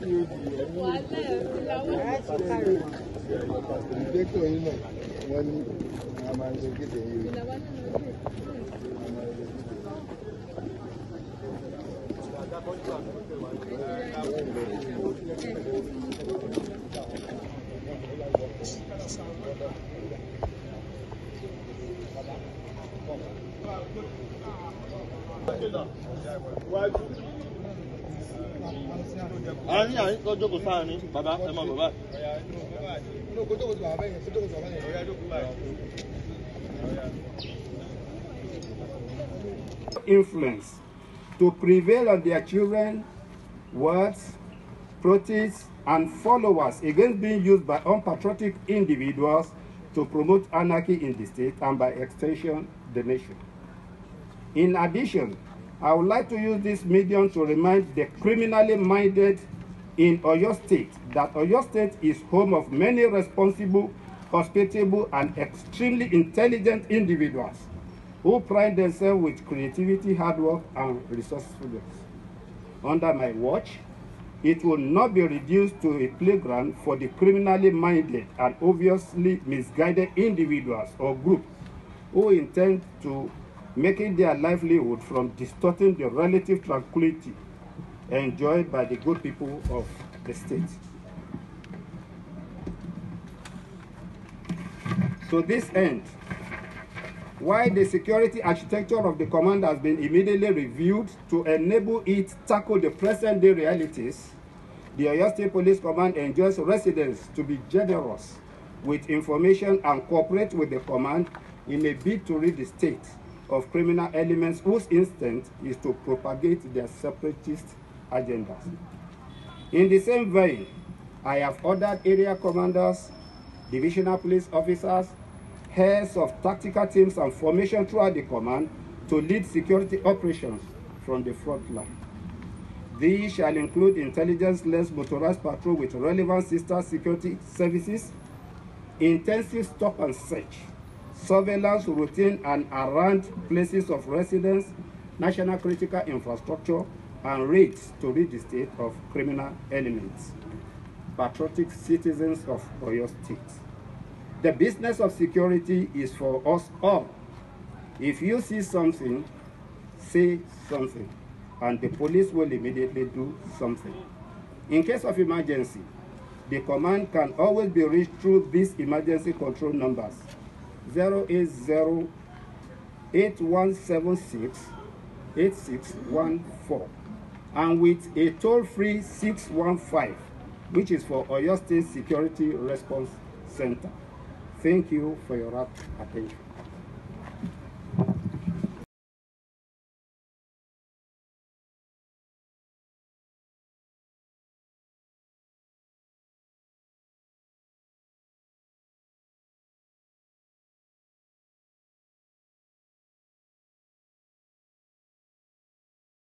ìdẹ́kọ̀ yìí náà wọ́n Thank you. kó ní bàbá ẹ bàbá. Influence to prevail on their children, words, protests, and followers against being used by unpatriotic individuals to promote anarchy in the state and by extension, the nation. In addition, I would like to use this medium to remind the criminally minded in Oyo State that Oyo State is home of many responsible, hospitable, and extremely intelligent individuals who pride themselves with creativity, hard work, and resourcefulness. Under my watch, it will not be reduced to a playground for the criminally minded and obviously misguided individuals or groups who intend to making their livelihood from distorting the relative tranquility enjoyed by the good people of the state. To this end, while the security architecture of the command has been immediately reviewed to enable it tackle the present-day realities, the Oyo State Police Command enjoys residents to be generous with information and cooperate with the command in a bid to rid the state of criminal elements whose instinct is to propagate their separatist agendas. In the same vein, I have ordered area commanders, divisional police officers, heads of tactical teams and formation throughout the command to lead security operations from the front line. These shall include intelligence-led motorized patrol with relevant sister security services, intensive stop and search, surveillance routine and around places of residence, national critical infrastructure, and raids to rid the state of criminal elements, patriotic citizens of Oyo State. The business of security is for us all. If you see something, say something, and the police will immediately do something. In case of emergency, the command can always be reached through these emergency control numbers 080 8176 8614 and with a toll-free 615 which is for Oyo State Security Response Center. Thank you for your attention.